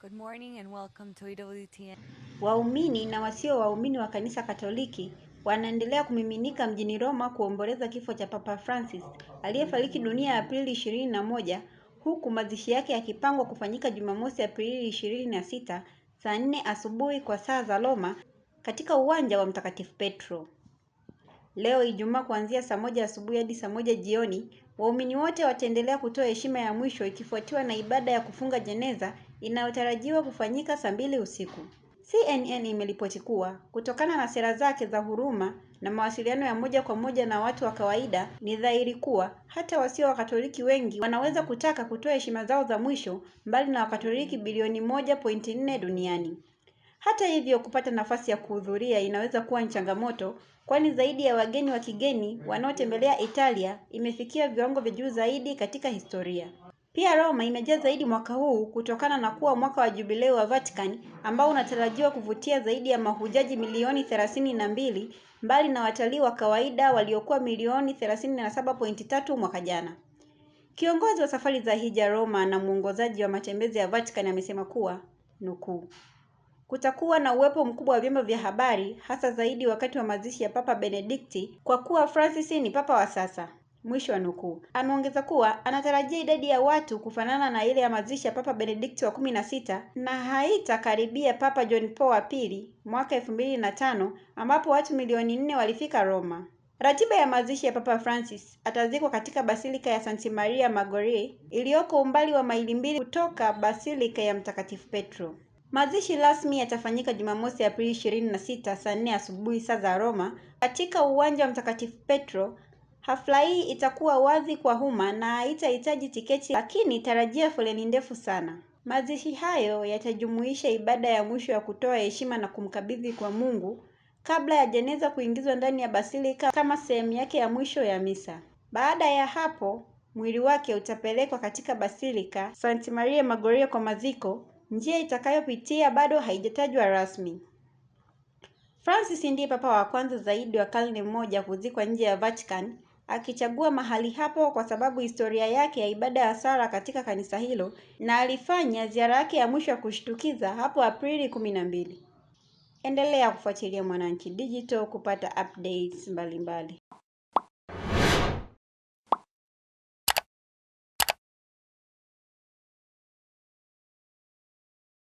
Good morning and welcome to EWTN. Waumini na wasio waumini wa kanisa Katoliki wanaendelea kumiminika mjini Roma kuomboleza kifo cha Papa Francis aliyefariki dunia Aprili 21 huku mazishi yake yakipangwa kufanyika Jumamosi Aprili 26 saa 4 asubuhi kwa saa za Roma katika uwanja wa Mtakatifu Petro. Leo Ijumaa kuanzia saa moja asubuhi hadi saa moja jioni, waumini wote wataendelea kutoa heshima ya mwisho ikifuatiwa na ibada ya kufunga jeneza inayotarajiwa kufanyika saa mbili usiku. CNN imeripoti kuwa kutokana na sera zake za huruma na mawasiliano ya moja kwa moja na watu wa kawaida, ni dhahiri kuwa hata wasio Wakatoliki wengi wanaweza kutaka kutoa heshima zao za mwisho mbali na Wakatoliki bilioni moja pointi nne duniani. Hata hivyo kupata nafasi ya kuhudhuria inaweza kuwa ni changamoto kwani zaidi ya wageni wa kigeni wanaotembelea Italia imefikia viwango vya juu zaidi katika historia. Pia Roma imejaa zaidi mwaka huu kutokana na kuwa mwaka wa jubilei wa Vatican ambao unatarajiwa kuvutia zaidi ya mahujaji milioni 32 mbali na watalii wa kawaida waliokuwa milioni 37.3 mwaka jana. Kiongozi wa safari za hija Roma na mwongozaji wa matembezi ya Vatican amesema kuwa nukuu Kutakuwa na uwepo mkubwa wa vyombo vya habari hasa zaidi wakati wa mazishi ya Papa Benedikti kwa kuwa Francis ni papa wa sasa. Mwisho wa nukuu. Ameongeza kuwa anatarajia idadi ya watu kufanana na ile ya mazishi ya Papa Benedikti wa kumi na sita na haitakaribia Papa John Paul wa pili mwaka elfu mbili na tano ambapo watu milioni nne walifika Roma. Ratiba ya mazishi ya Papa Francis atazikwa katika Basilika ya Santa Maria Maggiore iliyoko umbali wa maili mbili kutoka Basilika ya Mtakatifu Petro. Mazishi rasmi yatafanyika Jumamosi Aprili ishirini na sita saa nne asubuhi saa za Roma katika uwanja wa Mtakatifu Petro. Hafla hii itakuwa wazi kwa umma na haitahitaji tiketi, lakini tarajia foleni ndefu sana. Mazishi hayo yatajumuisha ibada ya mwisho ya kutoa heshima na kumkabidhi kwa Mungu kabla ya jeneza kuingizwa ndani ya basilika kama sehemu yake ya mwisho ya misa. Baada ya hapo, mwili wake utapelekwa katika basilika Santa Maria Maggiore kwa maziko Njia itakayopitia bado haijatajwa rasmi. Francis ndiye papa wa kwanza zaidi wa karne moja kuzikwa nje ya Vatican, akichagua mahali hapo kwa sababu historia yake ya ibada ya sala katika kanisa hilo na alifanya ziara yake ya mwisho ya kushtukiza hapo Aprili kumi na mbili. Endelea kufuatilia Mwananchi Digital kupata updates mbalimbali.